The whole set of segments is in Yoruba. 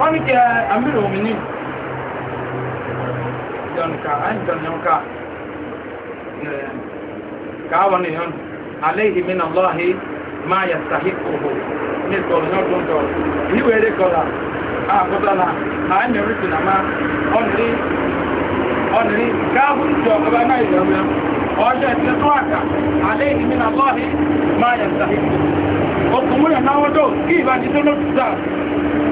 wọ́n ní kẹ́ àmìrò òmìnir ìjọnka àìjọnyọnka káwọn èèyàn aléhìí mi náà lọ́hí máa yà sàhíkòhò ní ìtọ̀rọ̀ náà tó ń tọ̀rọ̀ ìwé eré kọ́lá àkótọ́ náà àìmẹ̀rí sí nàmá ọ̀nìrí káàbùn jọ ọjọ́ ìtẹ́ àkà aléhìí mi náà lọ́hí máa yà sàhíkòhò okùnmúyàn náà kí ìbájú tó lọ́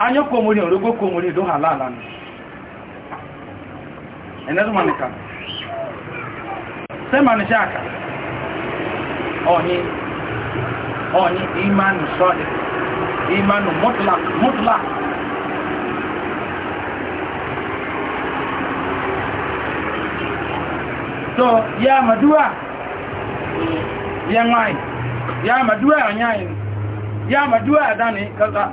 anya ko ni orogo ko ni do halala ni enezo manika sema ni shaka oni oni imanu sadiq imanu mutlaq mutlaq so ya madua ya ngai ya madua anyai ya madua Dani, kaza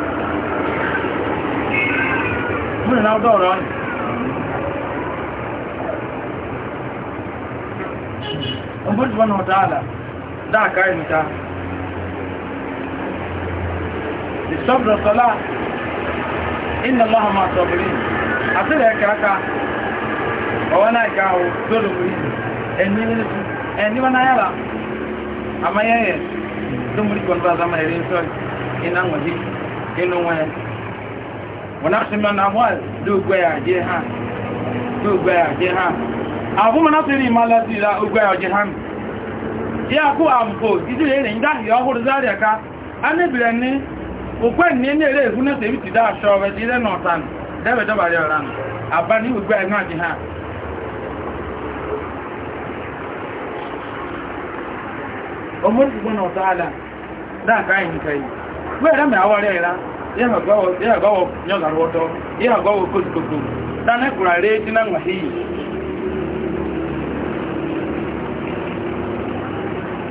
fún ìnáwọ́dọ̀ ọ̀rọ̀ ni ọmọdé wọn ọ̀dá àlà dáàkà ìmìta ìṣọ́bùrọ̀ sọ́lá iná lọ́hàmà sọ̀bùrí àti rẹ̀ kàákà ọwọ́ náà ìkáwó lórí ẹni wọn náà yára àmáyẹ́yẹ̀ tó múrí kọ̀ǹtà àzámà ẹ̀rẹ́ sọ́ọ̀ iná wanasema na mwal dugwe ya jehan dugwe ya jehan avuma nasiri malazi la ugwe ya jehan ya ku ampo idu yele nda yo huru zari aka anebire ni ukwe ni ni ere na sebi ti da so be dire no tan debe do bari ya jehan gbona da ka yin kai me awore yagawo nyogara ụtọ yagawo kozikoto dana kwara ree dị na nwahiyi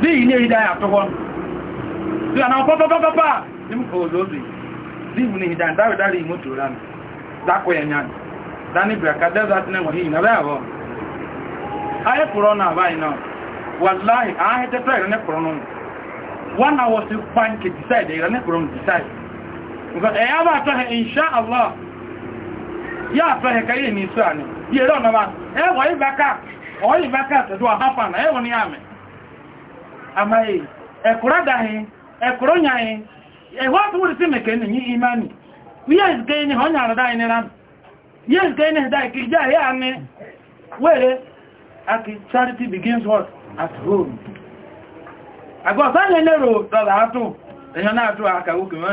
bí yìí ní èyí dáyà àtọwọ́ tí a náà pọ́pọ́pọ́pọ́pá ní mú kòòzò òzì bí ìwú ní ìdá dáridári ìmótò ránì dákọ̀ na ní dání braka desert nẹ́wọ̀n yìí nàbẹ́ decide ẹ̀yà bá tọ́hẹ̀ inṣá Allah yá tọ́hẹ̀ kẹrì ní ìṣọ́ àní na, e ọ̀nàmà ẹwọ̀ ìbákà ọ̀yí ìbákà tẹ̀dọ́ àhápànà ẹwọ̀ ní àmì àmàyè ẹ̀kùrádàhìn ẹ̀kùrọ́nyàhìn ẹ̀họ́ tó imani yíyà ìsìkẹ́ ní ọ̀nyà àrọ̀dá ẹni rán yíyà ìsìkẹ́ ní ẹ̀dá ìkìjá ẹ̀yà ame wẹ́rẹ́ àti charity begins what at home àgbọ̀sán lẹ́nẹ́rò dọ̀là átò ẹ̀yàn náà na àkàwókè mọ́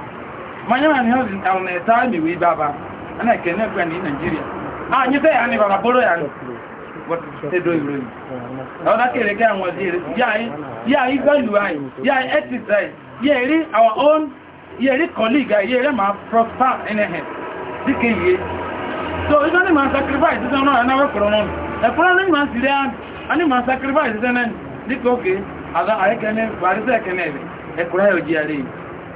manyama ni hozi na taa mi wi baba ana kene kwa ni Nigeria ah nyite ya ni baba boro ya what they do you now that kere ke anwa dire ya ya i value ai ya exercise ya ri our own ya ri colleague ya ri ma prosper in a head dike ye so you don't man sacrifice so no na we koro no e koro ni man sire an ani man sacrifice then dike okay aga ai kene barise kene e koro yo ji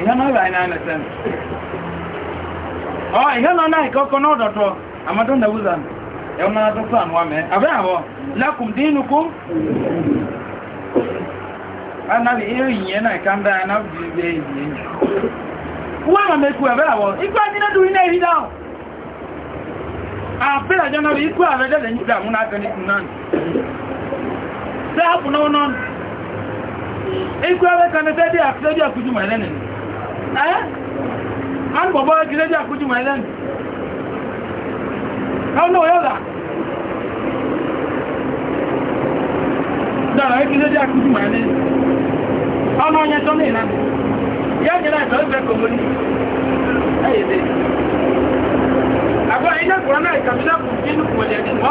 ihe na ọrịa na anasem ọ ihe na ọnaghị ka ọkọ n'ọdọdọ amadu na wuzan ẹwọn na adọtọ anwa mẹ abẹ awọ lakum dinukum anabi ihe yinye na ịka ndị anabi ji ibe ezie wọ́n mọ̀ mẹ́kù ẹ̀bẹ́ àwọ̀ ikú àjínádùn iná èrí dáhùn àpẹẹrẹ àjọ́nà rí ikú ààrẹ dẹ̀dẹ̀ ní ìdàmú náà tẹ́lẹ̀ ìkùn náà sẹ́hàpù náà náà ikú ààrẹ kanẹ́tẹ́dẹ̀ àkùsẹ́dẹ̀ àkùsùmọ̀ ẹ̀lẹ́nìí ẹ́ a ń bọ̀bọ̀ gílẹ́jì àkójú mọ̀ ẹlẹ́nu ẹ́nà ọ̀yọ́lá dára ẹ́ gílẹ́jì àkójú mọ̀ ẹlẹ́nu ọmọ onye tọ́ ní ìlànà yá jẹ́ láìsọ̀ ìfẹ́ kòmòlì ẹ̀yẹ̀dẹ̀ àgbọ́ ilẹ́kùnrin náà ìkàmílẹ́kùn nínú kòmòlì ẹ̀dínwó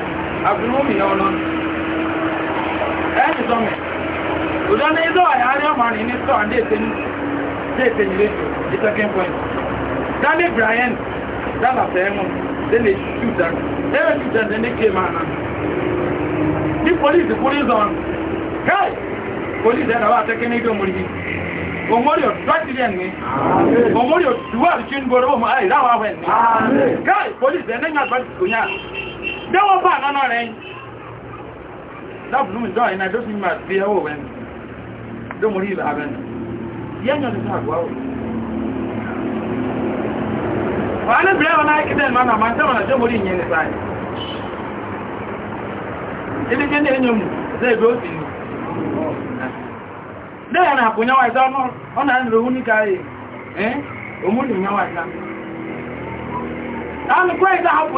àbúrúmọ́mì yọ ọ̀nà ẹ̀ẹ́sì sọmẹ̀ òjò ní ìzọ́ àyàrí ọmọ rìn ní sọ àndé ìtẹ̀yìnlé the second point dani brian dábà fẹ́ẹ̀mù délé ṣùtà délé ṣùtà délé kéèmà náà ní polisi kúrú zọ́n káì polisi ẹ̀nà wà tẹ́kẹ́ ní ìdó mọ̀rí òmórí òtúwàtílẹ̀ ní òmórí òtúwàtílẹ̀ ní gbọ́rọ̀ ọmọ àìráwà wẹ̀ ní káì polisi ẹ̀nà ìyàgbàtí kò yá dẹ́wọ́ bá lọ́nà rẹ̀ láàbùnú ìjọ ìná tó sì máa fi ẹwọ́ wẹ́n tó mú rí ìlà abẹ́ yẹ́nyàn nínú àgbà ò wà ní bẹ̀rẹ̀ wọn láì kìtẹ́ ìmọ̀ àmà tẹ́wọ̀n tó mú rí ìyẹn nípa ẹ̀ ibi jẹ́ ní ẹ̀yàn mú lẹ́gbẹ́ ó sì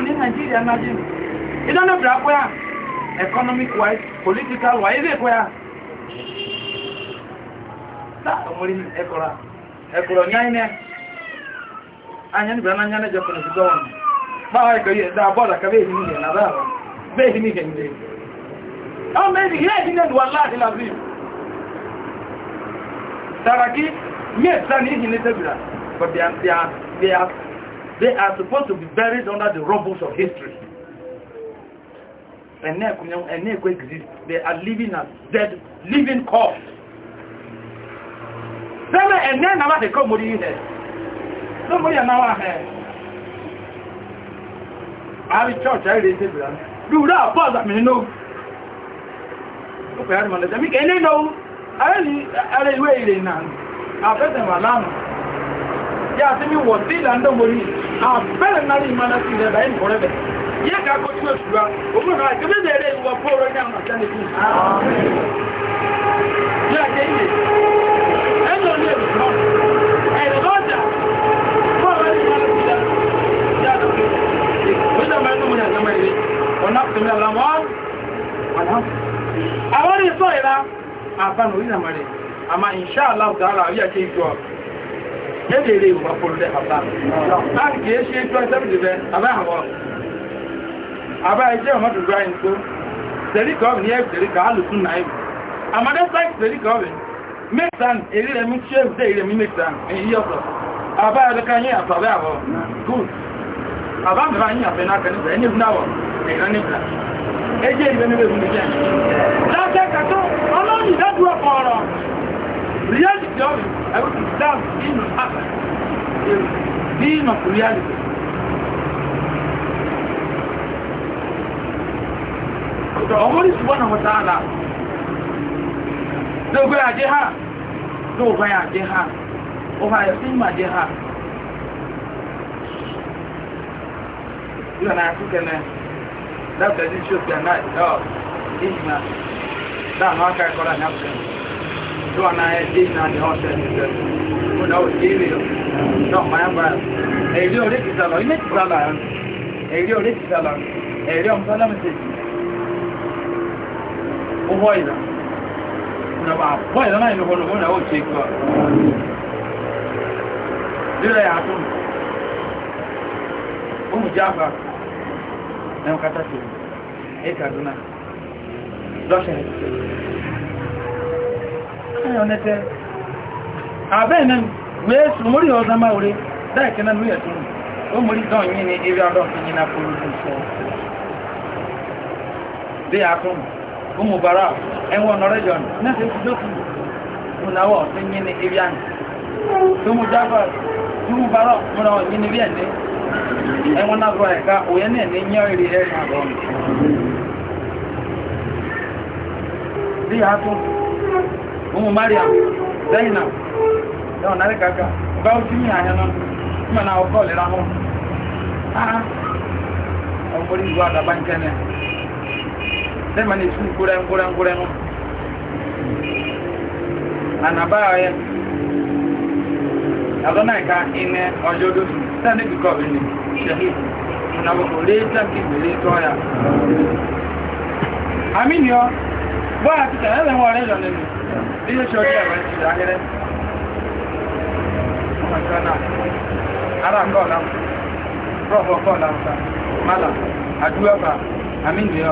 ní dẹ́yà It don't look where economic wise, political wise, is it where? That only Ekola. Ekola Nyane. Anyan Brana Nyane Japan is gone. Now go here, that border can be in here, now that one. Be in here. Oh, maybe here in the Wallah in Aziz. Saraki, yes, that is in the But they are, they are, they are, they are supposed to be buried under the rubbles of history and they exist. They are living as dead, living corpse. Sẹ́lẹ̀ ẹ̀nẹ́ náà ti kọ́ mórí ilẹ̀. Tó mórí ẹ̀nà wà ẹ̀. Àárí church àìrí ṣe bìrà. Rúrú àpọ́ọ̀sà mi nínú. Ó pẹ̀lú àrìmọ̀lẹ̀ jẹ́ mí kẹ́ nínú. Ààrẹ ìwé ìrìnà. Àfẹ́sẹ̀ wà láàmù. Yá sí mi wọ̀ sí ìlàndọ́ mórí. Àbẹ́rẹ̀ náà rí ìmọ̀ yẹ́ ká kó tí ó ṣùgbà òun náà kí bẹ́ẹ̀ rẹ̀ ìwọ̀ fóòrò ní àwọn àṣẹ́ nìkú ní àjẹ́ ilẹ̀ ẹ̀lọ ní ẹ̀rùkọ́ ẹ̀rùkọ́ ọjà fóòrò ní ìwọ̀n ìjọba ìjọba ìjọba ìjọba ìjọba ìjọba ìjọba ìjọba Yẹ́dẹ̀ẹ́rẹ́ ìwọ̀n fòrò lẹ́ àbá. Láàrín kìí ṣe ìjọ ìsẹ́bìdì rẹ̀, àbá àwọn ọ̀rọ̀ àbá ẹjẹ́ ọmọdé brian tó tẹ̀ríkà ọ̀bìn yẹ́ tẹ̀ríkà alùsùn náà ẹ̀bù àmàdẹ́sà tẹ̀ríkà ọ̀bìn mẹ́tàn èrí rẹ̀ mú ṣe èdè ìrẹ̀ mú mẹ́tàn èyí ọ̀sọ̀ àbá ẹ̀lẹ́ka yín àtọ̀rẹ́ àwọ̀ good àbá mẹ́fà yín àfẹ́ náà kẹ́lẹ́ ẹni ìbùn àwọ̀ ẹ̀rọ níbla ẹjẹ́ ìrẹ̀ níbẹ̀ mú nìyẹn lábẹ́ kàtó ọlọ́run ìdádúró kan ọ̀rọ̀ reality ọ̀rọ̀ ẹ̀rọ ọmọdé ṣùgbọ́n àwọn tààlà lóògbé àjẹ́ ha lóògbé àjẹ́ ha ọba ẹ̀sìn ìmàjẹ́ ha ìlànà àtúkẹ́lẹ̀ dábẹ̀ ní ṣòkè àná ìhìnà dáàmà ká ẹ̀kọ́lá ní àpẹ́ tó wà náà ẹ̀dẹ́ ìhìnà ní ọ̀sẹ̀ ìṣẹ́ mo náà òjì èrè náà máa ń bá ẹ̀rí ọ̀rẹ́ kìtàlọ̀ ilé kìtàlọ̀ ẹ̀rí ọ̀rẹ́ kìtàlọ̀ ẹ̀rí ọ̀mùsọ́lá mẹ́sẹ̀jì uhoira na ba boira na ilo hono hono oche kwa dile ya tun umu jaba na ukata tu e kaduna doshe ayo nete abene wesu muri ozama ure dai kenan nuya tun o muri don yin ni iri adon yin na kuru so de akon umu bara ẹwọ nọrẹjọn náà ti dókù múnáwọ ní yín ní ibi àná túmù jáfà túmù bara múra wọn yín ní ibi ẹni ẹwọn náà bọ ẹka òye náà ní yín ọrẹ ẹ mariam zainab ẹwọn náà rẹ kàkà ọgá ojú ní àyàn náà túmù náà ọkọ lè ra mọ then man is kurang kurang kurang anaba ya agona ka ine ojodo then uh, it go in shahid na wo later ki bele to ya amin yo ba ti ta le wa le lo ni bi yo shori ya ba ti da gere makana ara ko na provo ko na mala adua ba amin yo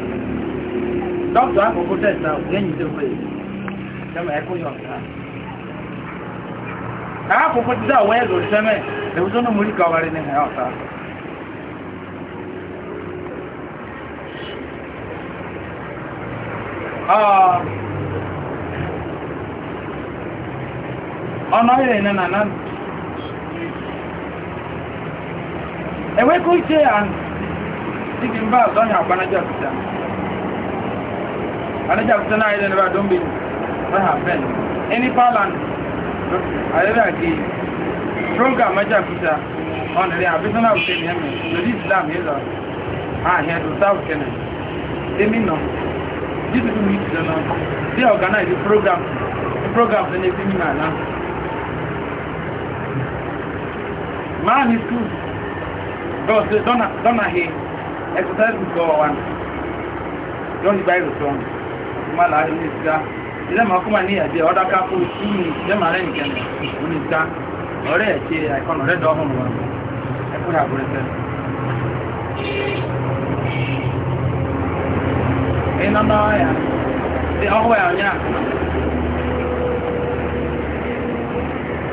dọ́kítọ̀ àkókò tẹ̀sà lẹ́yìn tó pé ṣẹ́mẹ̀ ẹkùn yọ̀ ọ̀tá àkókò títà wọ́n ẹ̀lò ṣẹ́mẹ̀ ẹ̀wùsọ́nà múrí kọwàrí ní ọ̀tá ọ̀nà ilẹ̀ iná nà náà ẹ̀wẹ́kú ṣe à ń sígbìn anaja kusana ile na dombi raha ben any palan ayera ki stronger maja kuta on ile abisana usemi hemme ndio islam hizo ah here to south kenya demi no this is me to know they organize the program the program the next thing na man is cool don't don't don't here exercise go on don't buy the song kuma la ni ta ile ma kuma ni ade oda ka ko ni ile ma ren ken ni ta ore ti do e ko e na ya ti e o ya nya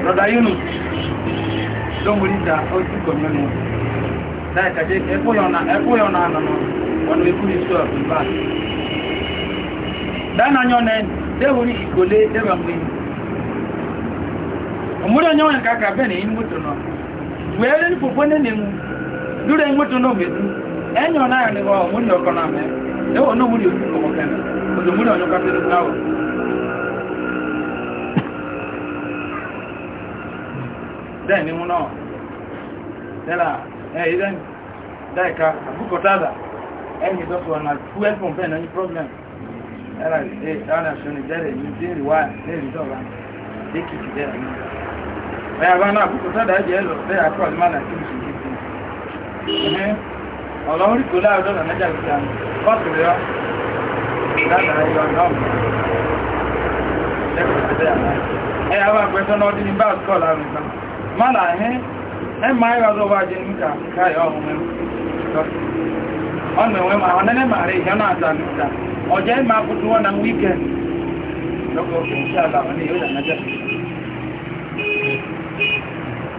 Brother Yunus, don't worry that dana nyone dehuri igole deba mwe omura nyone kaka bene imuto no wele ni popone ne mu dure imuto no medu enyo na yo ni wo muri okona me de ono muri oku ko kana odo muri onyo kate ni nawo dai ni muno dela eh idan dai ka abuko tada enyi dosu na 12 pompe na ni problem ana ana shoni dare ni diri wa ne ri do ba de ki ki dare ni ba ya bana ku ta da je lo be akwa ma na ki ki ki eh ọlọ́run rí kó láàrọ̀ lọ́nà mẹ́jà gbígbà kọ́tù rẹ̀ látara yọ náà lẹ́kọ̀ọ́ ti bẹ́ẹ̀ náà ẹ àwọn àgbẹ̀sọ́ náà dín ní bá ọ̀sọ́ láàrùn nǹkan mọ́nà ẹ̀hẹ́ ẹ máa yọ ọdọ́ wájú níta káyọ̀ ọ̀hún mẹ́rin ọ̀nà ìwé máa ọ̀nẹ́lẹ́màá rẹ̀ ìyọ́nà àtàlùkà ọjọ́ ìmọ̀ akutu wọn na wíkẹ̀ndì lọ́kọ̀ òkè iṣẹ́ àgbà wọn ni yóò dà nájà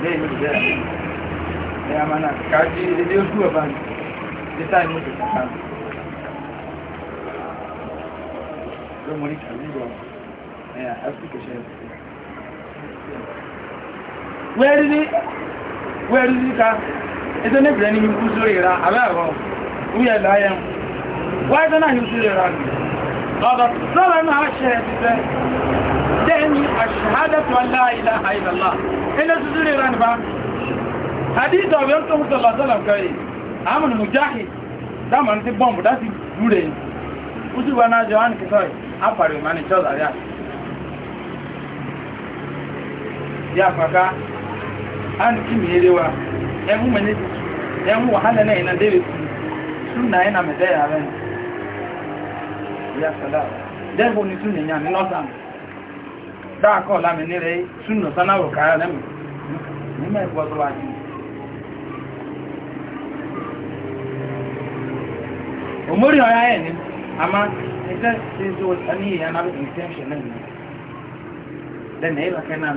lẹ́yìn yóò jẹ́ ẹ̀yà máa nà káàkiri ilé ojú ọ̀bá mi títà ìmọ̀ tó kàkà mi ló mọ̀ ní kàlíbọ̀ ẹ̀yà ẹ́fíkẹ̀ṣẹ̀ wẹ́ẹ́rí ní wẹ́ẹ́rí ní ká ẹ̀tọ́ ní ìbìrẹ́ ní ikú sórí ìra àbẹ́ àwọn wúyẹ̀ láyẹ̀ wáyé náà yóò sílẹ̀ rà ní ọ̀dọ̀ sọ́rọ̀ náà ṣe ẹ̀sẹ̀ dẹ́ni àṣàhádẹ́tù aláìlá àìlàlá ilẹ̀ sílẹ̀ rà ní bá hadith ọ̀bẹ̀ tó ń sọ̀lọ̀ sọ́lọ̀ kẹrì àmìn mujahid dáma ti bọ́m̀bù láti rúrẹ̀ ó sì wá náà jẹ́ wọ́n kìtọ́ àpàrí ìmánì chọ́lá rí ya faka an kimi yerewa ẹ̀hún mẹ́lẹ́dì ẹ̀hún wàhálẹ̀ náà ìnà david sún náà ìnà mẹ́lẹ́ yàrá yìí ya sada dẹ́gbò ni tún nìyàn ní lọ́sàn dáàkọ́ lámi ní rẹ̀ súnà sanáwò káyà lẹ́mù nígbà ìgbọ́tọ̀ wájú náà náà ní lẹ́nà náà náà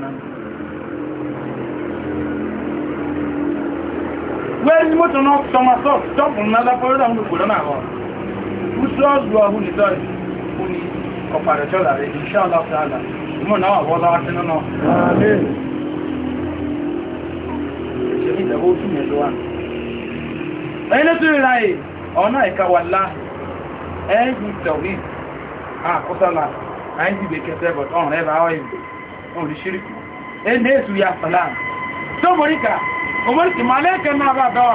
wẹ́n ní mọ́tò náà tọmọ sọ́ọ̀ tọ́pù náà lọ́ọ̀lù ọ̀hún nìtọ́ ìfún ni ọ̀pàdẹ̀jọ́ rẹ̀ iṣẹ́ aláfẹ́àlá ìmọ̀ náà wọ́n lọ́wọ́ sí náà ẹni tó ìrìnà ẹ̀ ọ̀nà ìkàwà láà ẹ̀yìn tẹ̀wé àkọ́sọ́lá àìsìgbè kẹsẹ̀ bọ̀ ọ̀rẹ́ ẹ̀bà ọ̀ ìbò olùṣíríkù ẹni èsù ya sàlám tó mọ̀ríkà ọmọríkì máa lẹ́ẹ̀kẹ́ náà bá bẹ́ọ̀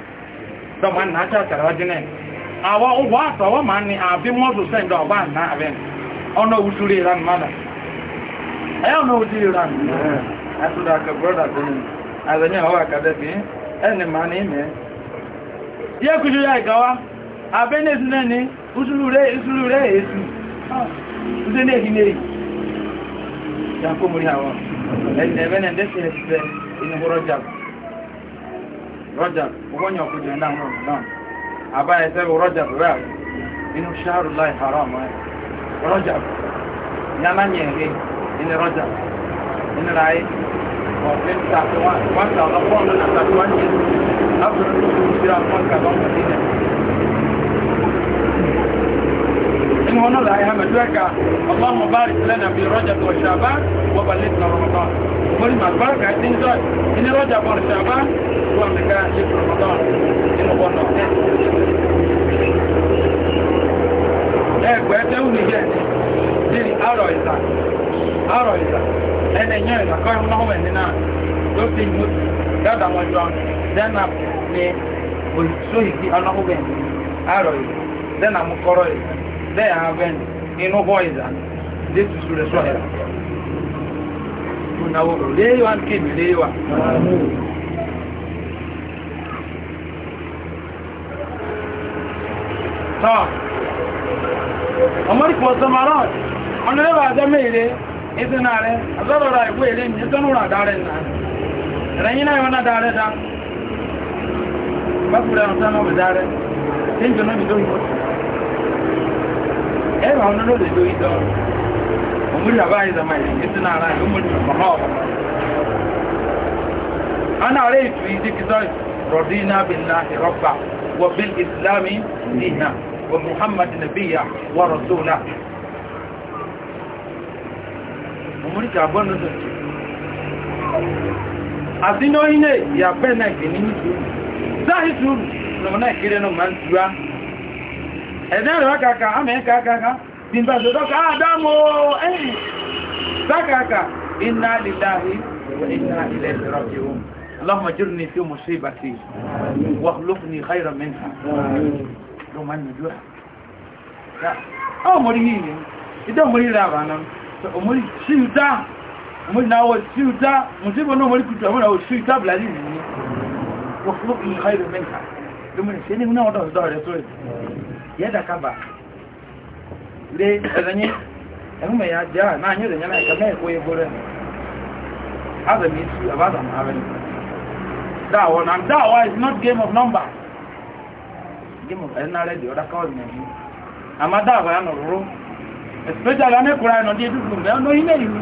dọ́gba nà áchá àtàrà ọjọ́ náà àwọ ụgbọ asọ ọwọ ma nni àbí mọ́sù sẹ́ndọ̀ ọgbà nà àbẹ́ ọ̀nà òwúsúrí ìran mmadà ẹ̀yà ọ̀nà òwúsúrí ìran mmadà aka brọ́dà bẹ́ẹ̀ àbẹ̀ní ọwọ́ àkàdẹ́bí ẹni ma ní ìmẹ́ yẹ́ kújú ya ìgawa àbẹ́ n'èsù náà ní ìsúrú rẹ̀ ìsúrú rẹ̀ èsù ṣe ní èyí ní èyí yà kó mú rí àwọn ẹ̀yìn ẹ̀bẹ́ rọ́jà ọgbọ́nyà ọkùnrin náà mọ̀ náà àbáyẹ sẹ́wọ̀ rọ́jà rẹ̀ inú ṣáàrù láì haram ẹ̀ rọ́jà yánà nyẹ̀rẹ̀ inú rọ́jà inú ráyé ọ̀fẹ́ tàbí wọ́n tàbí wọ́n tàbí wọ́n yẹ إما أنا لا يهم أدوك اللهم بارك لنا في رجب وشعبان وبلغنا رمضان كل ما بارك عدين زوج إن رجب وشعبان وأنك شكر رمضان إنه هو نوع ní àrọ̀ ìta àrọ̀ ìta ẹni yẹn ìtàkọ́ ẹ̀hún náà wẹ̀ fi mú dáadáa wọn jọ dẹ́nà ní olùsóyìí ọlọ́wọ́ bẹ̀ àrọ̀ ìta dẹ́nà mú kọ́rọ̀ ìta they have an inner voice and this is to destroy them. There you are, keep, there you are. So, ọmọdé kò sọ màá náà, ọ̀nà ẹ̀bà àjẹ́mẹ́ ìrẹ́, ìsinà rẹ̀, àzọ́rọ̀rọ̀ ìwé ìrẹ́ mi, ìtọ́nù rà dárẹ̀ náà. Ẹ̀rẹ́yìn náà yọ́nà dárẹ̀ dá. Bákùrẹ̀ ọ̀sán náà bẹ̀ dárẹ̀, tí ń jọ náà bí tó ń bọ̀ ẹ̀rọ ọ̀nà ló lè lo ìdọ̀ òmúrí àbáyé zama ìrìn tí náà ráyé òmúrí ọmọ ọmọ ana rẹ̀ ìtù ìdí kìtọ́ rọ̀dí iná bí iná ìrọ́pà wọ náà ilé ìyàbẹ́ náà ẹ̀dẹ́ rẹ̀ kàkà àmẹ́kà kàkà bí n bá ṣe tọ́ka àdámò ẹ̀yìn sákàkà iná lìláhì iná ilẹ̀ ìrọ̀jẹ̀wò اللهم اجرني في مصيبتي واخلفني خيرا منها لو ما نجوع ọmọrí yìí ìdá ọmọrí rẹ̀ àbànà ọmọrí ṣíúdá ọmọrí náà wọ ṣíúdá mùsíbọn náà mọ̀rí kùtù ọmọrí ṣíúdá bláàdì yìí wọ́n fún ìhà ìrẹ̀mẹ́ta lómìnà ṣe ní ọdọ̀ ọ̀dọ̀ rẹ̀ tó rẹ̀ yadda ka ba le ẹ̀rẹ̀yìn ya jẹ́ àìmá yìí rẹ̀ yẹ́mẹ̀ ẹ̀kẹ́ mẹ́ẹ̀kọ́ egbó rẹ̀ azẹ̀mí is not game of number game of ẹ̀nà rẹ̀ di ọ̀dá káwọ̀ nìyẹn ya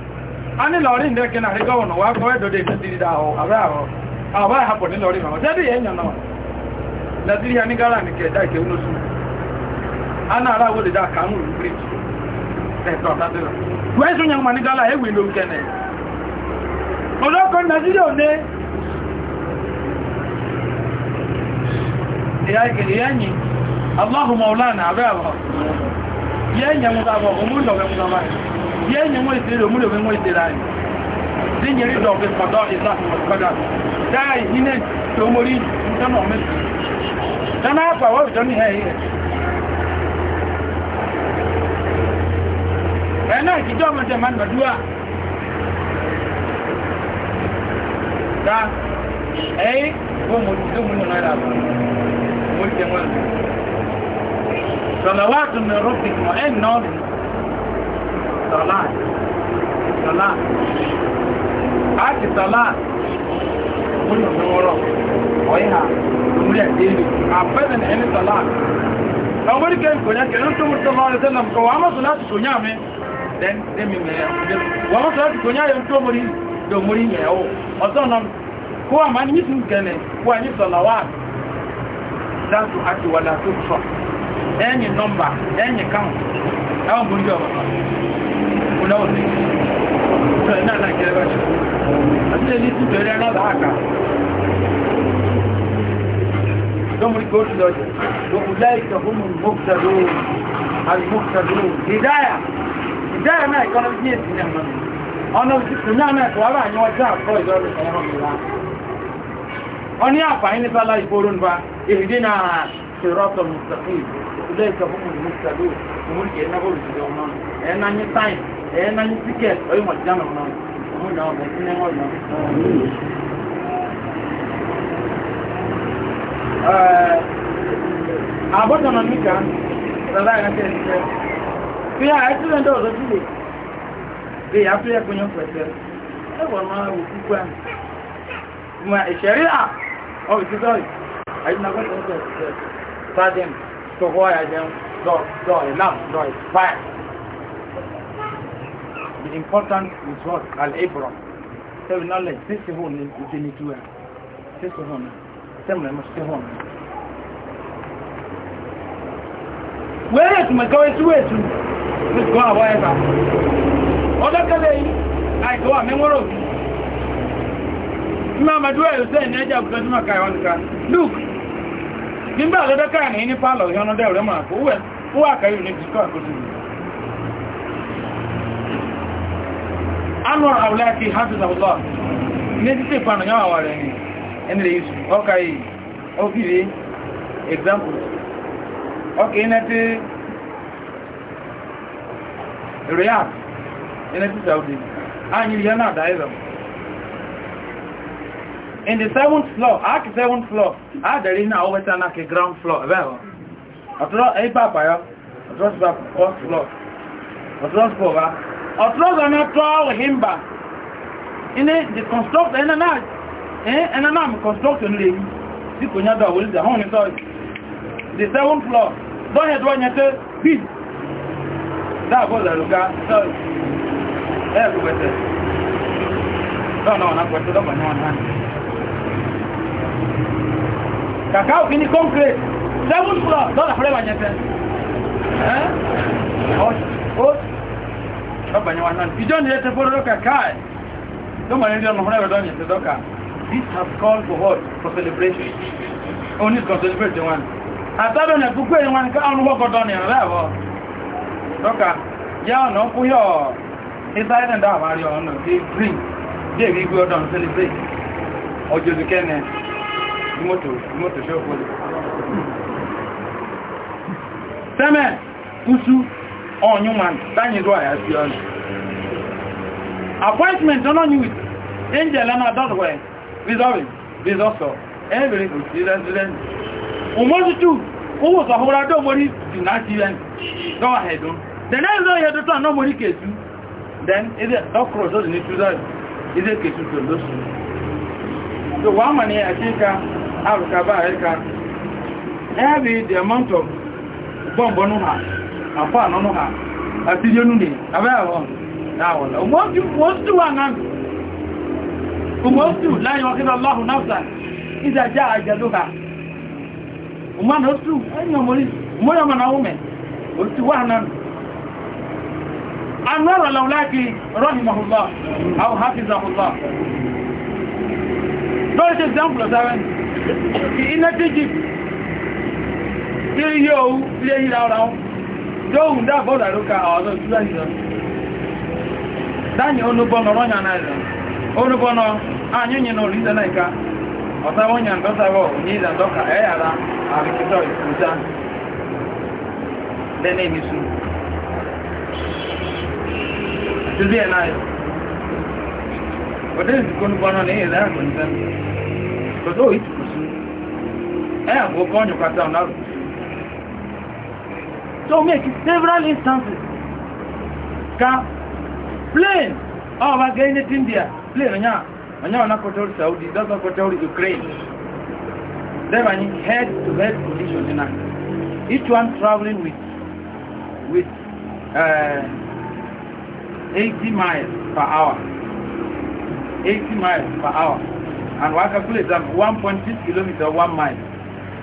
a ní lọrí ní ẹkẹ́ náà rí gọ́wọ̀nà wá kọ́ ẹ̀dọ́dẹ̀ ìtẹ́sìrì dáhọ àbá àhàpọ̀ ní lọrí mọ̀ tẹ́bí yẹn yàn náà lẹ́sìrì yà ní gárà ní kẹ̀ẹ́dá ìkẹ́ oúnjẹ sùn a náà rà wọ́lẹ̀ dá kàánù rí bíríkì ẹ̀tọ́ tàbílà wẹ́n sún yẹn mọ̀ ní gárà ẹ̀wì ló ń kẹ́nẹ̀ ọlọ́kọ̀ nàìjíríà ní ìyá ìkẹ̀lẹ̀ yẹ́yìn aláhùn mọ̀ọ́lá náà rẹ̀ wọ̀ yẹ́yìn mú yenye mwezero mule we mwezerani zinye rido fi kada isa kada dai ine to mori ntano me dana apa wa jo ni he ena kido mte man badua da eh wo mo do mo na la e mo te mo salawatu min rabbik wa inna sàláàtì sàláàtì àti sàláàtì múlò ní wọ́rọ̀ ọ̀yà múlò ìlú àbẹ́dẹ̀ ní ẹni sàláàtì ọmọdé kẹ́yìn kò ní kẹ́yìn tó múlò sọ́lá ọ̀rẹ́sẹ́ lọ kọ́ wọ́n mọ́sù láti kò nyá mi wọ́n mọ́sù láti kò nyá yẹn tó múlò dòmúrí yẹn o ọ̀tọ́ náà kó wà máa ní mítí gẹ̀lẹ̀ kó wà ní sọ̀làwàtì láti àti wàlà tó sọ ẹ̀yìn nọ́mbà ẹ̀yìn káwọn ẹ̀wọ̀n múlò ọ̀rọ̀ ku nawa ne to ina na kira ba shi an ce ni su dare na da haka don mulki wani da wani wa ulaika humul muqtadun al muqtadun hidaya hidaya na economic needs ni amma ọ̀nà òṣìṣẹ́ náà náà kọ̀wàrà àyíwá jẹ́ àkọ́ ìjọba ìṣẹ́yàmọ̀ ìlà ọ̀ní àfàyí ní sálá ìgboro nípa èdè náà ṣèrọ́tọ̀ mùsàkì ilé ìṣẹ́fún mùsàkì òmùrìkì ẹ̀nàbọ̀ òṣìṣẹ́ ọmọ ẹ̀nà ní sáyẹ̀nsì ẹ̀yẹ́ náà ní tíkẹ̀ ọyọ́ mọ̀ jánà náà ọmọdé àwọn ọ̀bẹ̀ sí lẹ́wọ̀n náà. àbọ̀dọ̀nà níkà rárá ìrántí ẹ̀sẹ̀ fi hàn ẹ́ tílẹ̀ ndọ́ ọ̀dọ́ sílẹ̀ èyí á fẹ́ ẹ̀kọ́ yẹn pẹ̀sẹ̀ ẹ̀wọ̀n máa wò kúkú à mà ìṣẹ̀rí à ọ̀bì sí sọ́ọ̀rì àyíkú náà kọ́ important is what al-ibra sẹ́wìn náà lẹ̀ sí sí hóun ní ìdí ní tú ẹ̀ sí sí hóun náà sẹ́wìn náà sí hóun náà wẹ́rẹ́ ètù mẹ́kọ́ ètù ètù ní kọ́ àwọ́ ẹ̀ta ọdọ́kẹ́lẹ̀ yìí àìkọ́wà mẹ́wọ́rọ̀ bí mímọ̀ àmàdúwà ẹ̀rọ sẹ́yìn ní ẹjẹ́ àbúkọ́ jùmọ̀ káyọ̀ nìkan luke nígbà àlọ́dọ́kẹ́ àní ní pálọ̀ ìhọ́nọ́dẹ́ rẹ̀ mọ̀ àkówẹ́ ó wà káyọ̀ ní bìkọ́ àkóso yìí anwar aulaki hafiz allah ne ti tepa na yawa ware ni ẹni rẹ̀ yìí ọkà Okay, ó fi rí example ọkà iná tí riyadh iná tí saudi anyi yẹ náà dáìzọ in the seventh floor arc seventh floor a dẹ̀rí náà ó wẹ́ta náà kí ground floor ẹ̀bẹ̀ ọ̀ ọ̀tọ́rọ̀ ẹ̀yí pàpàá yọ ọ̀tọ́rọ̀ sí pàpàá first floor ọ̀tọ́rọ̀ sí pàpàá ọ̀tọ́rọ̀dọ̀ náà tọ́ ọ̀hìmbà iné the construct ẹ̀nà náà ẹ̀nà náà mi construct ní lèyí tí kò nyádọ̀ wòlìdà hàn ní sọ́ọ̀ the seven floor dọ́hẹ̀dọ́ nyẹ́tẹ́ bid dáàbọ̀lẹ̀rùgá sọ́ọ̀ ẹ̀ẹ́gbẹ̀tẹ̀ lọ́nà ọ̀nà pẹ̀tẹ̀ lọ́pàá ní wọn náà kàkà òfin ní concrete seven floor dọ́là fẹ́rẹ́ wà nyẹ́tẹ́ ọbànyẹ wọn náà ìjọ ni ẹsẹ̀ fọ́rọ̀ lọ́kà káì tó mọ̀ nílẹ̀ ọmọ ọ̀rẹ́wẹ̀dọ́ ni ẹsẹ̀ lọ́kà this has called for what for celebration Oh, only for celebration one àtàdọ̀ ní ẹ̀kú pé wọn ká ọ̀run wọ́kọ̀dọ́ ni ẹ̀rẹ́ ẹ̀wọ̀ lọ́kà yá ọ̀nà kú yọ ìsáyẹ̀dẹ̀ dá àwárí ọ̀nà sí green dé ìrí gbé ọdọ̀ celebrate ọjọ́ ìdíkẹ́ni mọ́tò mọ́tò ṣe ó kọ́lẹ̀ sẹ́mẹ̀ kúsù ọ̀nyún man tányìí why àyàsí ọ̀nà appointment Don't ọlọ́nyí with angel ẹ̀nà dọ́dọ̀wẹ̀ resolving resolve every good resident umotutu owó sọ̀húra dọ́ mọ́rí sí náàtí rẹ̀ dọ́wà ẹ̀dùn then ẹ̀ lọ́yẹ̀ dọ́tọ́ àná mọ́rí kèsù then ilẹ̀ dọ́kọ̀rọ̀ sọ́dì ní túnzọ́ ilé kèsù tó lóṣù so wọ́n mọ̀ ní àṣíkà àrùkàbà ẹ̀ka every the amount of bomb on her àfọ́ ànánú ha àti yónú ni abẹ́yàwó dáwọ̀lá umostu wà náà umostu láyé ọkídà lọ́hùn anọ́rọ̀ lọ́wọ́láàkì rọ́hìmọ̀hùlọ́ àwọn hafizahùlọ́ lọ́rí ṣe example of seven iná tí jì kí yóò lé yíra ọ̀rọ̀ lóhun dáàbò ìdàrúkà ọ̀dọ̀ ìjúlá ìjọ dáàni onúbọ̀nà rọ́nyà náà ìrọ̀ onúbọ̀nà anyínyin náà orílẹ̀ náà ìka ọ̀sáwọ́nyà ní ìdàndọ́kà ẹ̀yàrá àríkítọ̀ ìkúta lẹ́nà ìmísù to make several instances. Ka plane, oh, against going to India. Plane, anya, anya wanakotori Saudi, that's wanakotori Ukraine. They are head-to-head position tonight. Each one traveling with with uh, 80 miles per hour. 80 miles per hour. And what we calculate that 1.6 kilometer, one mile.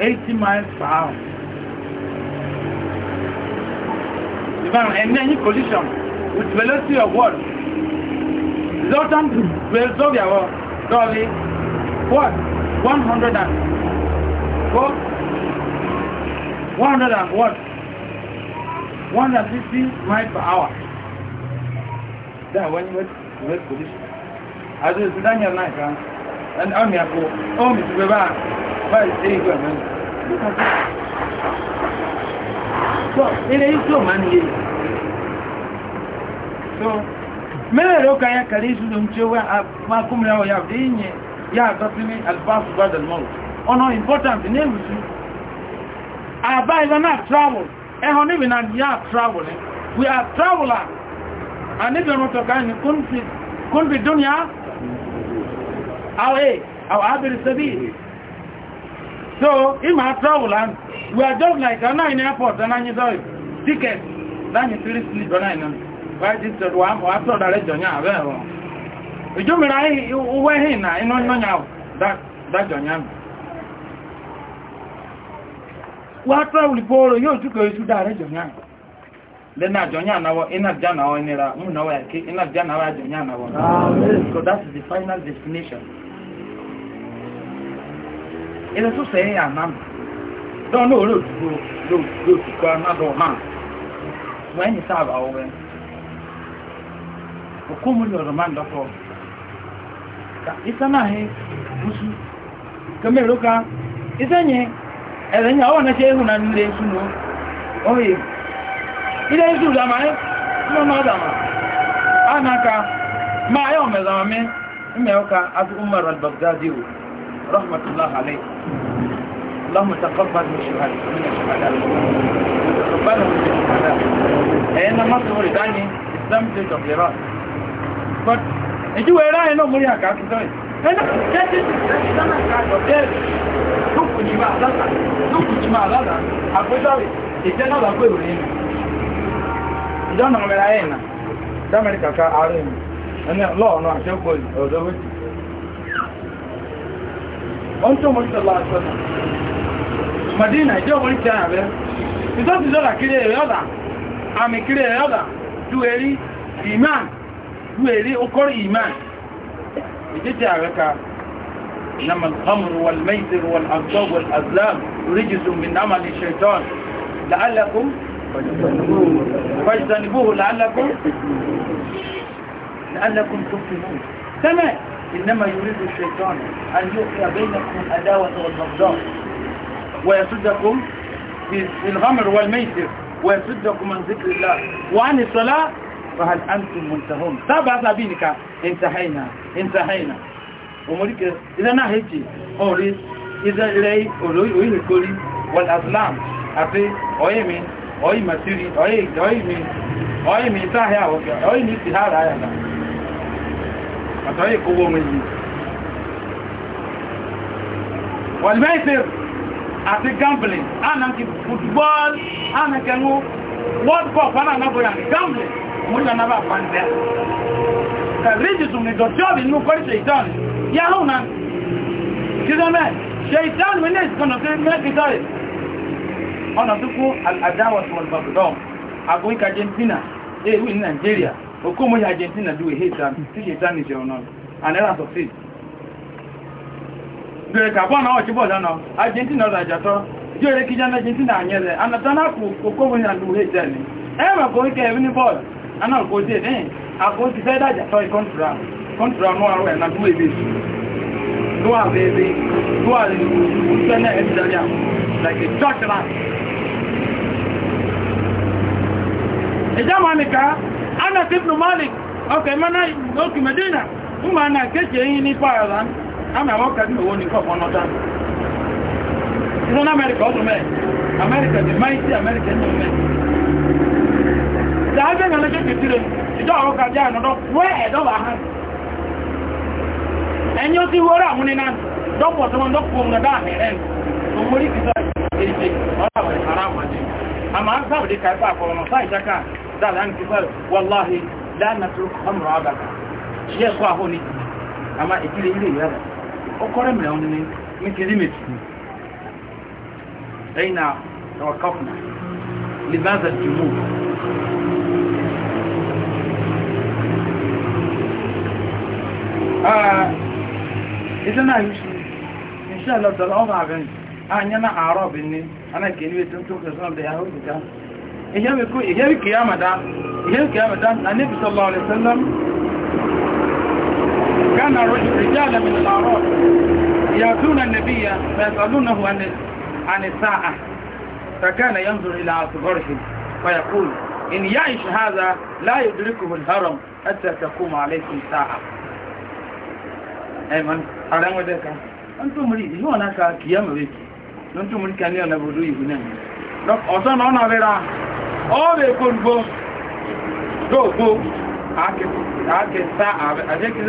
80 miles per hour. Now, and then collision with velocity of what? Resultant velocity of your dolly, what? 100 and what? 100 and what? 150 miles per hour. That when you make position? As you sit down your night, huh? and on your go, oh, Mr. Beba, where is he going? Look at this ilẹ̀ yíò ma ní yìí so mẹ́rẹ̀ ló ka ya kàrí ìṣúdó tí ó wá akúmìnira ọ̀ yàwó èyí yẹn yà àtọ́sí ní alifásù gbádùn mọ́ ọ̀nà important ní èwùsù àbá ìlọ náà travel ẹ̀họ́ níbi na yà travel we are traveler a níbi ọmọ tọ̀ka ní kúnfì dúnìá àwọn èyí eh, àwọn abìrìsẹ́bí so ìmọ̀ travel We are just like an in airport, an any dog, ticket, then you feel sleep on an Why this said, well, I thought I let you know, well, you do me like you were here now, you know, you know, that, that you know. Wọ́n tọ́wùlì bóòrò yóò túnkọ̀ èsù dáadé jọ̀nyán. Lẹ́nà àjọ̀nyán náwọ́, iná jánà ọ́ ìnira, mú náwọ́ ẹ̀kí, iná jánà ọ́ àjọ̀nyán náwọ́. So that is the final destination. Ilẹ̀ tó sẹ́yìn àmàmù. dọ́nà olóòtú lóòtú kan nádọ̀ náà wọ́n ẹni sáàbà ọwẹ́ òkú mú ní ọ̀rọ̀ máa ń dọ́kọ̀ ìsánáà hẹ gúúsù kẹmẹ́rọ ká ìsẹ́yìn ẹ̀rẹ̀yìn àwọn ọ̀nà ṣe é hùn nílé ìsúná ọ̀rẹ́ ilé ìsúná dàmà ẹ́ lọ́nà dàmà á náà ká máa yọ mẹ́zàmà mẹ́ mẹ́ ọ̀ka àti umar al-baghdadi alayhi اللهم تقبل من الشهداء من الشهداء تقبلهم من الشهداء لأن مصر وريتاني استمتع بالرأس but èyí wẹ̀ ráyìn náà mórí àkà àkìtọ́ ẹ̀ ẹ̀nà kẹ́sí ti sẹ́nà àkàtọ̀ tẹ́ẹ̀lì lókùn jìmá àlàdà lókùn jìmá àlàdà àpẹ́sọ́rì ìtẹ́nà àgbèrò nínú ìjọ́nà mẹ́ra ẹ̀nà dámẹ́ríkà ká ààrẹ mi ẹni lọ́ọ̀nà àṣẹ́gbò ọ̀dọ́wẹ́tì madina ìjọ wọn ń tẹ ààrẹ ìtọ́sí lọ́la kiri ẹ̀rẹ́ ọ̀dà àmì kiri ẹ̀rẹ́ ọ̀dà duweri iman duweri okoro iman ìjẹ́jẹ́ ààrẹ ka إنما الخمر والميسر والأبصاب والأزلام رجس من عمل الشيطان لعلكم فاجتنبوه لعلكم لعلكم تفهمون تمام إنما يريد الشيطان أن يؤتي بينكم الأداوة والبغضاء ويسدكم في الغمر والميسر ويسدكم عن ذكر الله وعن الصلاة فهل أنتم منتهون تابع سابينك انتهينا انتهينا ومريك إذا نهيتي أوليس إذا إلي أولوي أولي كولي والأسلام أفي أويمين أوي مسيري أوي أويمين أويمين تاهي أوكي أويمين تهار آيانا أتوي قبو مني والميسر àti gambling ánàkì football ánàkì ẹ̀mú world cup ánàkì gambling mú ìlànà bá pàǹdẹ̀ kàríjìtù ní dọ̀tíọ́bì inú kọ́rí ṣèitán yahoo náà kìdọ́mẹ́ ṣèitán mi ní ìsìnkọ́nà tí mẹ́kìtọ́rì ọ̀nà tó kú àdáwọ̀tí wọn bàbùdọ́m agbóyíká argentina èèwì ní nigeria okó mọ́ argentina do a hate and ṣèitán ní ṣe ọ̀nà and ẹ̀rà succeed bere ka bọ́ọ̀nà ọ̀chí bọ́ọ̀lá nọ argentina ọ̀dàjàtọ́ jí oré kíjá argentina ànyẹ́rẹ̀ anàtánàkù okòwòrìn àlúwò ìjẹ́lì ẹ̀rọ kò ní kẹ́ẹ̀rí ní bọ́ọ̀lù anàkòójì ẹ̀dẹ́yìn àkóójì fẹ́ dàjàtọ́ ìkọ́ntùrà ọkẹ̀ mọ́nà òkè medina fún ma na kéjì yìí ní àmì àwọn kàdínà owó ní kọ̀ọ̀kan lọ́ta ìrún amẹ́ríkà ọdún mẹ́ amẹ́ríkà di máìtì amẹ́ríkà ní ọmọ ìdájẹ́ ìrìnlẹ́jẹ́ kìtìrẹ ìjọ àwọn kàjá ìnàdọ́ wẹ́ ẹ̀dọ́wà ha ẹni ó ti wọ́rọ̀ àmúni náà dọ́pọ̀ tó wọ́n dọ́pọ̀ ọmọ dáa mẹ́rẹ́ tó mórí kìtà èdè ọ̀rọ̀ àrá àmàdé àmà á sáwọ̀dé kàífà àkọ̀ọ̀nà sáìjáká dáadáa ní kìfà wàláhì láàrín àtúrò àmúrò àbàkà ṣe ẹ̀kọ́ àhóní àmà ìdílé ilé ìyára okore mre onini mikilimit أين توقفنا لماذا الجمود آه إذا أنا إن شاء الله تلعون عبين أنا أنا أعراب إني أنا كلمة تنتوك إسلام دي أهود بتاع إيجابي كيامة دا إيجابي كيامة دا النبي صلى الله عليه وسلم كان رجال من الأعراب يأتون النبي فيسألونه عن الساعة فكان ينظر إلى أصغرهم فيقول إن يعيش هذا لا يدركه الهرم حتى تقوم عليكم ساعة أيمن أرام ودك أنتم مريد هو أنا كيام بك أنتم مريد كان لي أنا بدو يبنان لك أصلا أنا برا أو بيكون بو دو ake sa'a a je ki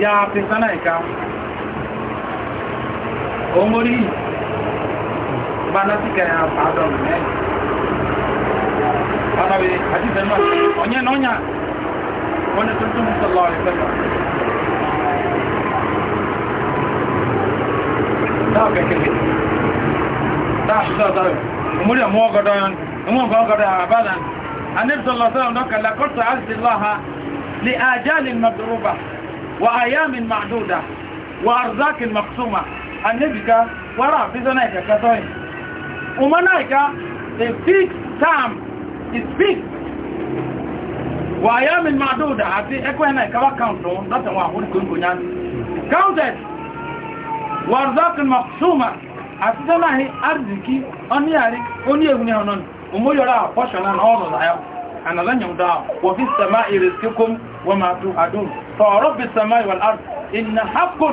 ya fi sánà ìka òun orí ìbánásíkẹ̀ àpàdọ̀ mẹ́ ọ̀nàwé àjíṣẹ́nà ọ̀nyẹ́ náà wọ́n ni tuntun sọ́lọ́ ìpẹ́lẹ̀ dáa kẹ́kẹ́lẹ̀ dáa ṣíṣọ́ dáa òmúrí ọmọ ọgọ́dọ̀ yọ́n ìwọ̀n ọgọ́dọ̀ àbádàn anẹ́bìsọ̀lọ́sọ́lọ́ وأيام معدودة وأرزاق مقسومة النبكة وراء في ذنائك كثير ومنائك the fixed time is fixed وأيام معدودة عزي أكوه هنائك وكاونتون ذات واحد كون كونيان counted وأرزاق مقسومة àti tó láàrin àrídìkí ọní àrí oní ewu ní ọ̀nà òmúyọ́lá àpọ́ṣọ̀lá náà ọ̀rọ̀ láyọ́ ànàlẹ́yìn dáa wọ́n fi sẹ̀má ìrèsíkún وما توعدون فورب السماء والأرض إن حق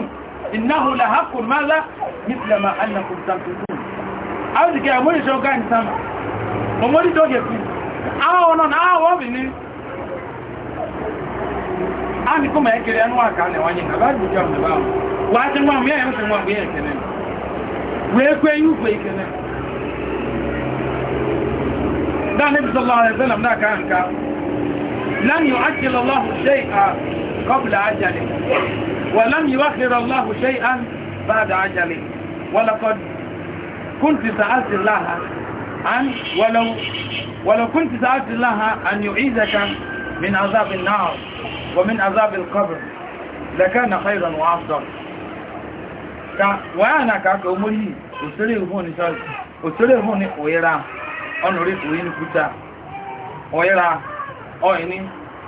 إنه لحق ماذا مثل ما أنكم تنفذون أولك يا مولي شوكا إنسان ومولي شوكا يكون أعونا أعونا a ní kó máa kiri ẹnu àkàlẹ̀ wáyé náà láti ìjọ ọ̀nà báwọn wà á ti wọ́n mí ẹ̀yẹ́ wọ́n gbé ẹ̀kẹ́lẹ̀ wèé pé yíò pé ìkẹ́lẹ̀ dáa níbi sọ́lọ́ لن يعجل الله شيئا قبل عجله ولم يؤخر الله شيئا بعد عجله ولقد كنت سألت الله عن ولو ولو كنت سألت الله أن يعيذك من عذاب النار ومن عذاب القبر لكان خيرا وأفضل وأنا كأمري أسرهوني أسرهوني أويرا أنريك وينكتا ويرا ọ̀yìn ní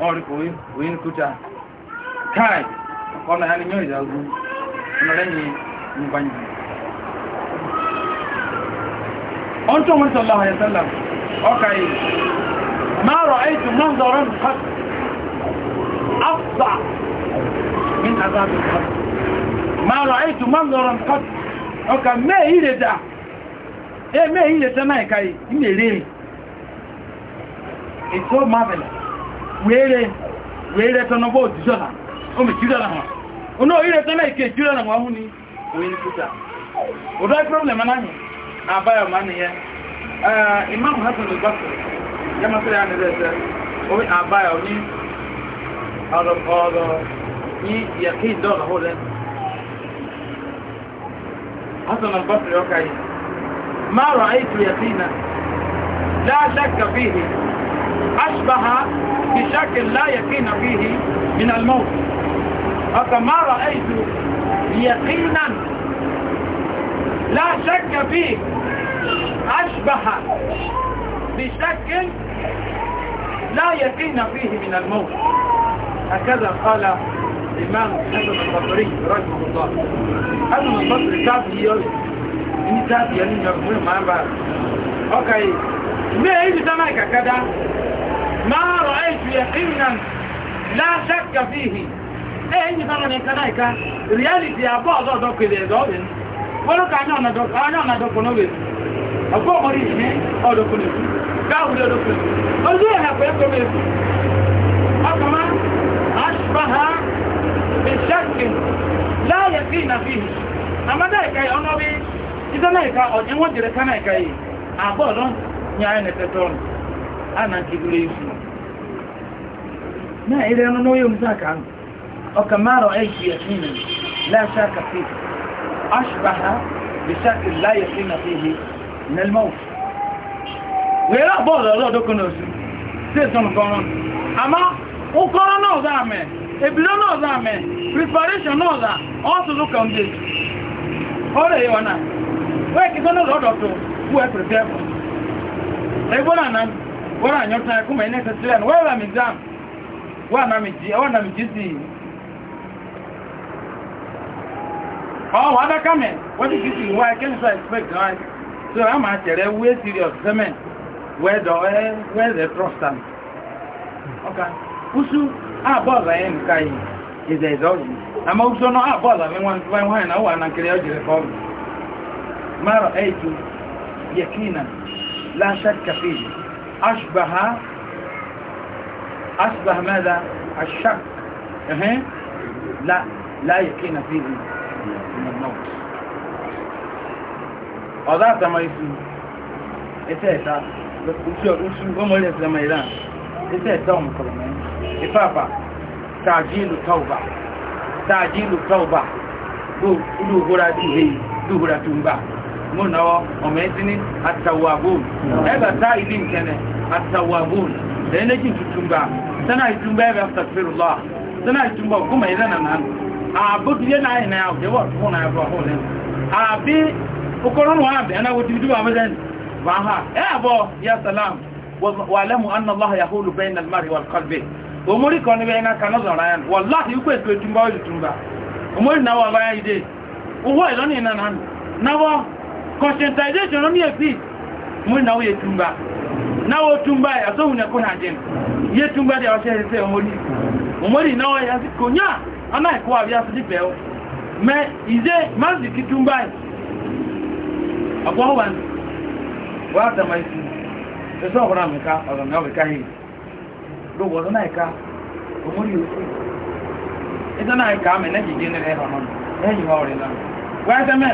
ọ̀rí kò wí ní kúta káì ọ̀nà ya ni yóò ìdágú ọ̀nà lẹ́yìn nígbàyìn ọ̀n tó mọ́sí ọlọ́wọ́ ya sálàm ọkà yìí máa rọ̀ ẹ̀tù mọ́ndọ̀rọ̀ nǹkan afzà min azabi nǹkan máa rọ̀ ẹ̀tù mọ́ndọ̀rọ̀ nǹkan ọkà mẹ́ẹ̀ ìrẹ̀ dà It's so marvelous wéèrè wéèrè tọ́nà bó òjìjọ́là omi jíjọ́là wọn oná orí rẹ̀ tọ́nà ìkè jíjọ́là wọn hún ni òye ní púpà òdó ẹ́ problem anáyìn àbáyọ̀ máa nìyẹ imam hassan al-bakr yẹmọ́sílẹ̀ ànìlẹ́sẹ̀ orí àbáyọ̀ ní ọ̀rọ̀ ní yẹ̀kí ìdọ́ọ̀lọ́ hó lẹ́nu hassan al-bakr yọ́ka yìí ما رأيت يقينا لا شك فيه أشبه بشكل لا يقين فيه من الموت فما رأيت يقينا لا شك فيه أشبه بشكل لا يقين فيه من الموت هكذا قال الإمام حسن البصري رحمه الله حسن البصري تابعي يولي إني تابعي يولي نرمون ما أوكي ما هي سمعك كذا ما رأيت يقينا لا شك فيه ẹ̀yìn fẹ́ràn ní kaná ìka reality àbọ́ ọ̀dọ́ ọ̀dọ́kẹ̀lẹ̀ ẹ̀dọ́ ọ̀bẹ̀ wọ́lọ́kà anyọ́nà ọ̀dọ́kùnlọ́wẹ̀ ọ̀pọ̀ ọmọdé ìṣẹ́ ọ̀dọ́kùnlẹ̀ gáwùlẹ̀ ọ̀dọ́kùnlẹ̀ ojú ẹ̀hẹ̀ pẹ̀lú ọkùnrin aṣbáha ìṣẹ́kìn na sí ìnàfíì àmọ́dá ìka ọ̀nà bí ìṣẹ́ náà ìka ọ̀dẹ́wọ́n jẹ̀rẹ̀ kaná ìka yìí àbọ̀ ọ̀dọ́ ní ayẹ́ nẹ̀tẹ̀tọ́nù ana kibule yusu na ile na moyo mzaka anu وكما رأيت يقينا لا شاك فيه أشبه بشكل لا يقين فيه من الموت ويلا بعض الله دكنوس سيسون كونون أما وكونا نوزا من إبلو نوزا من preparation نوزا also look on this ọ̀rẹ́ yìí wọ́n náà wẹ́ẹ̀kì tó náà lọ́dọ̀ tó wẹ́ẹ̀ prepare for ẹgbọ́n náà wala nyota ya kuma inesa silani wala mizamu wana miji wana mijizi oh wada kame what is it why can you expect right so i'm at a way serious semen where the where the trust am okay usu a bola en kai is a dog ama usu no a bola me wan wan wan na wan kire ojire ko mara aitu yakina la shakka fihi أشبه أشبه ماذا الشك لا لا يكين فيه من الموت وذات ما يسمى إتاتا وشو وشو وما يسمى إيران إتاتا ومكرمين إفافا تعجيل التوبة تعجيل التوبة دو دو هرا دو هي دو هرا múnáwọ́ ọmọ ẹtí ní àtàwàbùn ẹgbà tá ilé ìkẹnẹ àtàwàbùn lẹ́nẹ́jì tuntun bá tana itumba ya tafsiru Allah tana itumba kuma idan nan abu kije na ina ya ke wa kuma ya ba hole abi ukoron wa bi ana wuti duba mazan ba ha eh abo ya salam wa lamu anna Allah yahulu bayna al-mar'i wal qalbi umuri kon be conscientization omi èsì mú tumba yẹ túnbá náwó túnbá àtọ́hùn ẹ̀kọ́ náà jẹ́ yẹ túnbá dẹ̀ ọṣẹ́ ẹ̀ṣẹ́ ọmọdé ọmọdé ìnáwó yẹ sí kò nyá aná ẹ̀kọ́ àbí asìdí o ọ́ mẹ ìdé máàsì kí túnbá ọ̀pọ̀ wà ní wà á tẹ̀mọ̀ ìsìn ẹ̀ṣọ́ ọ̀pọ̀ náà mẹ́ka ọ̀rọ̀ na ọ̀bẹ̀ká yìí lówó ọ̀dọ́ náà ẹ̀ka ọmọdé òsì ẹ̀ṣọ́ náà ẹ̀ka mẹ́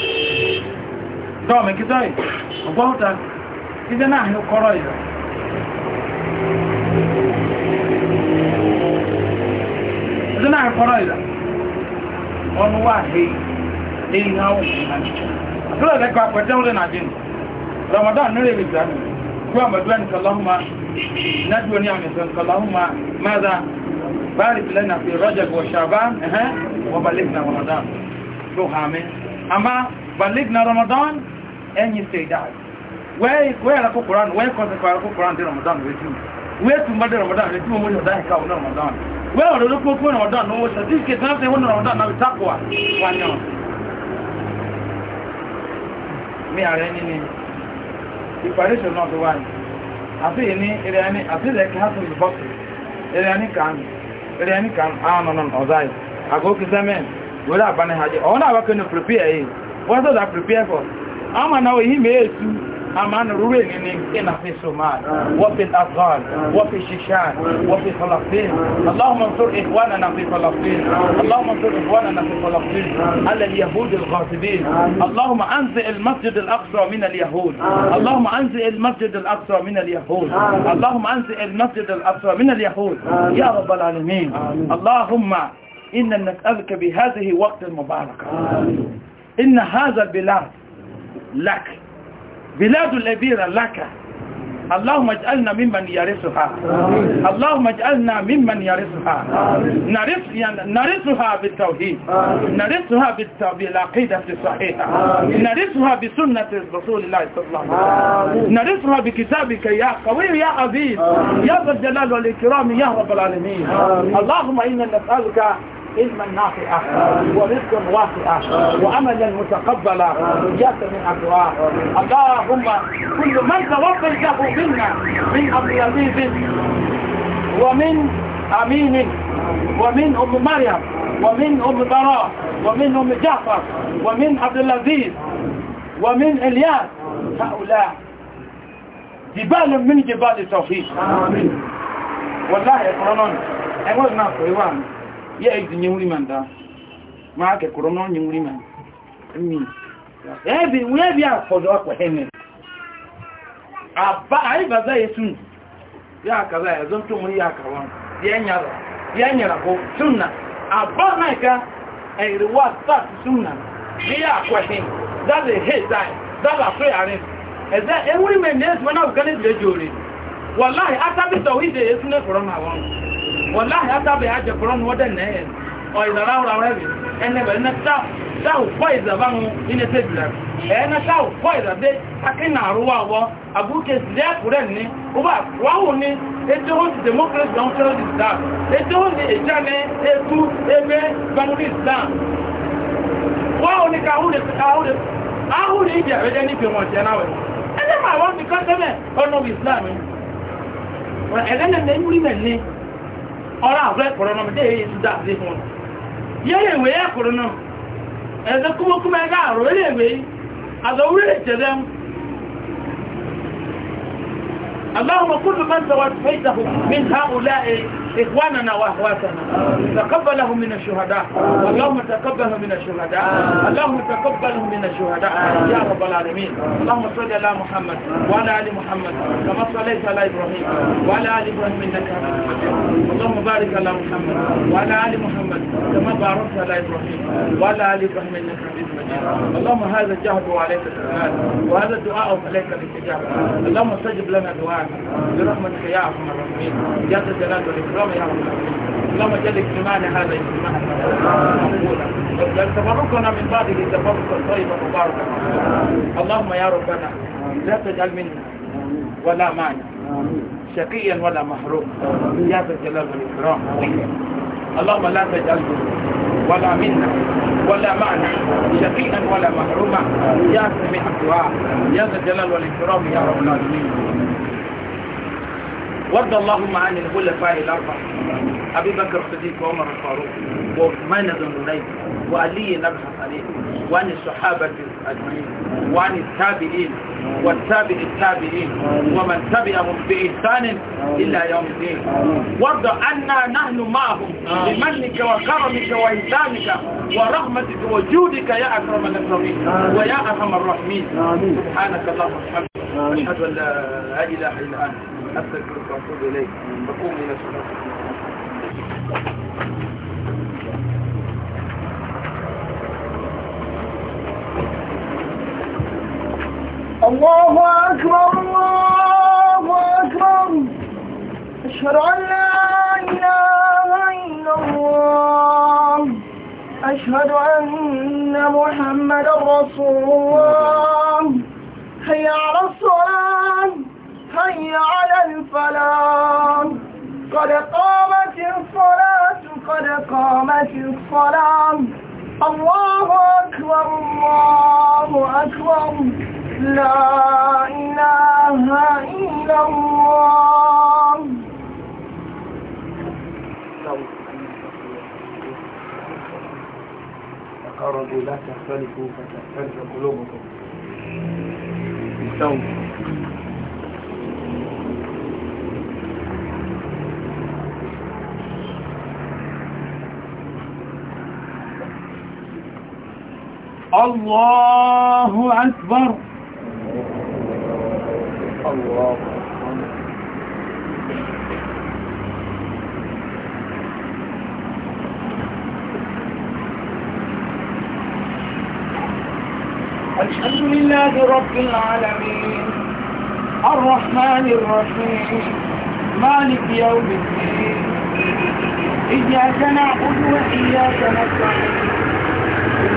dɔɔ mɛ kitɔ yi o gbɔ ta ibi naa hi kɔrɔ yi la ibi naa hi kɔrɔ yi la ɔnu wa hei hei na awo yi na kúrò lẹ́kọ akpẹtẹ wọlé nàdí nù ramadan nílé ibi gbà mí kú àmàdúrà ní kàlọ́hùmá nàdúrà ní àmì sọ kàlọ́hùmá mẹ́ta báyìí bìlẹ̀ fi rọ́jà gbọ̀ ṣàbá ẹ̀hẹ́ wọ́n balẹ̀ nà ramadan ló hàmí àmà balẹ̀ nà ramadan any say that where where la Quran where consequence la Quran de Ramadan we do where to mother Ramadan we do mo da ka na Ramadan where do ko ko Ramadan no certificate na say won Ramadan na takwa wanyo mi are ni ni preparation not one àti ni ere ani àti le ka to the box ere ani kan ere ani kan ah no no ozai ago kizamen wala bana haje ona wa kan prepare eh what does that prepare for ama na wehime yetu amana ruweni ni ina fi Somali wafi al Afghan wafi Shishan wafi Falafin Allahumma nsur ansur na fi Falafin Allahumma nsur ansur na fi Falafin ala al-yahud al-ghasibin Allahumma anzi al-masjid al-aqsa min al-yahud Allahumma anzi al-masjid al-aqsa min al-yahud Allahumma anzi al-masjid al-aqsa min al-yahud ya rabb al-alamin Allahumma inna nas'aluka bi hadhihi waqt al-mubarak inna hadha bilad لك بلاد الأبيرة لك اللهم اجعلنا ممن يرثها اللهم اجعلنا ممن يرثها نرث يعني نرثها بالتوحيد نرثها بالعقيدة الصحيحة نرثها بسنة رسول الله صلى الله عليه وسلم نرثها بكتابك يا قوي يا عزيز يا ذا الجلال والإكرام يا رب العالمين اللهم إنا نسألك علما نافعا ورزقا واسعا وأملا متقبلا نجاة من أكواه اللهم كل من توكل له منا من أبي لبيب ومن أمين ومن أم مريم ومن أم براء ومن أم جعفر ومن عبد العزيز ومن الياس هؤلاء جبال من جبال التوفيق آمين والله يقولون أقول ناقوا إيوان ya ezinye nri ma ma ake kụrụ n'onye nri ma nri ebi bi afọdụ akwa heme anyị baza ya akara ya zonto muri ya akara ya nyara ya nyara bụ sunna aba na ka ah, a sunna bi ya akwa heme that is hate time that is afraid arrest ẹ̀zẹ́ ewúrí mẹ́rin ní ẹ̀sùn mẹ́rin náà gẹ́lẹ́ ìdílé jòrè wọ̀láì átàbí tọ̀wí ìdè yesu ní wallahi hata bai haje kuran wadanne ne o izara ora rebi ene bel na ta ta o ko izaba mu ine te bila e na ta o ko izabe akina ruwa wo abuke ze kuran ni o ba wa wo ni e to ho democracy don tell this that e to ho ni ejane e tu ebe banu this that wa oni ka hu de ka hu de ahu ni bi abe ni bi mo je na we ene ma wa ni ko teme ono islam e ni wa ene ne ni muri men ni ọ̀rọ̀ àfẹ́ ẹ̀kọ̀rọ̀ náà mẹ́tẹ́ èyí ìtúdà sí fún yẹ́lẹ̀ ìwé ẹ̀kọ̀rọ̀ náà ẹ̀ẹ́dẹ́kúmọ́kúmọ́ ẹgbẹ́ àrò ilé ìwé àtọ̀wúrẹ̀ ìtẹ̀lẹ́mù اللهم كل من توفيته من هؤلاء إخواننا وأخواتنا تقبلهم من الشهداء اللهم تقبلهم من الشهداء اللهم تقبلهم من الشهداء يا رب العالمين اللهم صل على محمد وعلى آل محمد كما صليت على إبراهيم وعلى آل إبراهيم إنك حميد مجيد اللهم بارك على محمد وعلى آل محمد كما باركت على إبراهيم وعلى آل إبراهيم إنك حميد مجيد اللهم هذا الجهد وعليك الإيمان وهذا الدعاء عليك الاستجابة اللهم استجب لنا دعاء برحمتك يا ارحم الراحمين يا ذا الجلال والاكرام يا رب العالمين اللهم اجعل اجتماعنا هذا اجتماعا مقبولا واجعل تفرقنا من بعده تفرقا طيبا مباركا اللهم يا ربنا لا تجعل منا ولا معنى شقيا ولا محروم يا ذا الجلال والاكرام اللهم لا تجعل ولا منا ولا معنى شقيئا ولا محروما يا سميع الدعاء يا ذا الجلال والاكرام يا رب العالمين وارض اللهم عن الخلفاء الاربعه ابي بكر الصديق وعمر الفاروق وعثمان بن النورين وعلي نبه عليه وعن الصحابه اجمعين وعن التابعين والتابع التابعين ومن تبعهم باحسان الى يوم الدين وارض عنا نحن معهم بمنك وكرمك واحسانك ورحمتك وجودك يا اكرم الاكرمين ويا ارحم الراحمين سبحانك اللهم وبحمدك اشهد ان لا اله الا انت إليك الله أكبر الله أكبر أشهد أن لا إله إلا الله أشهد أن محمد رسول الله هيا على الصلاة حي على الفلاح قد قامت الصلاة قد قامت الصلاة الله أكبر الله أكبر لا إله إلا الله تقربوا لا تختلفوا فتختلف قلوبكم استووا الله أكبر الله الحمد لله رب العالمين الرحمن الرحيم مالك يوم الدين إياك نعبد وإياك نستعين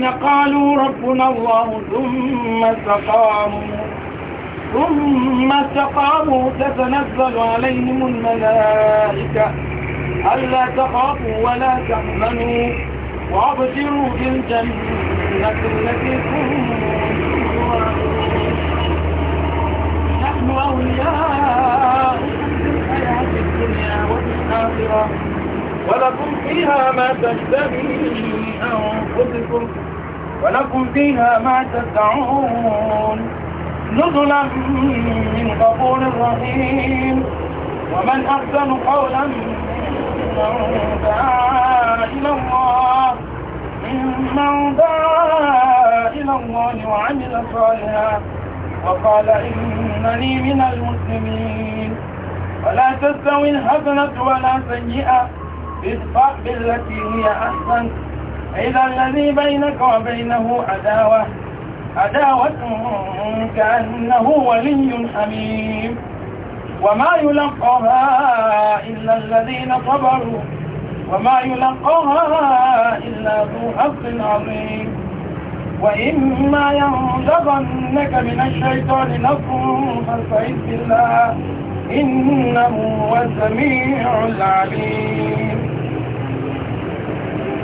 الذين قالوا ربنا الله ثم استقاموا ثم استقاموا تتنزل عليهم الملائكة ألا تخافوا ولا تحزنوا وابشروا بالجنة التي كنتم نحن أولياء الحياة الدنيا والآخرة ولكم فيها ما تشتهي أنفسكم ولكم فيها ما تدعون نزلا من غفور رحيم ومن أحسن قولا ممن دعا إلى الله ممن دعا إلى الله وعمل صالحا وقال إنني من المسلمين ولا تستوي الحسنة ولا سيئة ادفع بالتي هي أحسن إذا الذي بينك وبينه عداوة عداوة كأنه ولي حميم وما يلقها إلا الذين صبروا وما يلقها إلا ذو حظ عظيم وإما ينزغنك من الشيطان نصر فاستعذ بالله إنه هو السميع العليم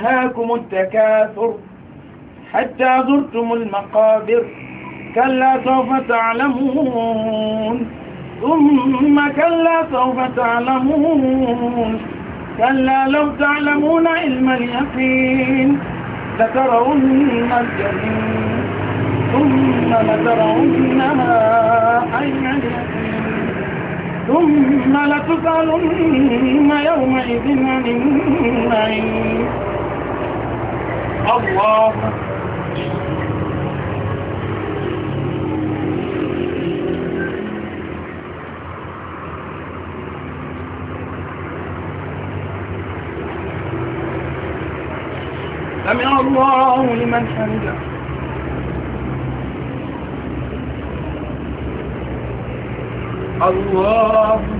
ينهاكم التكاثر حتى زرتم المقابر كلا سوف تعلمون ثم كلا سوف تعلمون كلا لو تعلمون علم اليقين لترون الجحيم ثم لترونها عين اليقين ثم لتسألن يومئذ عن النعيم الله سمع الله لمن حمده الله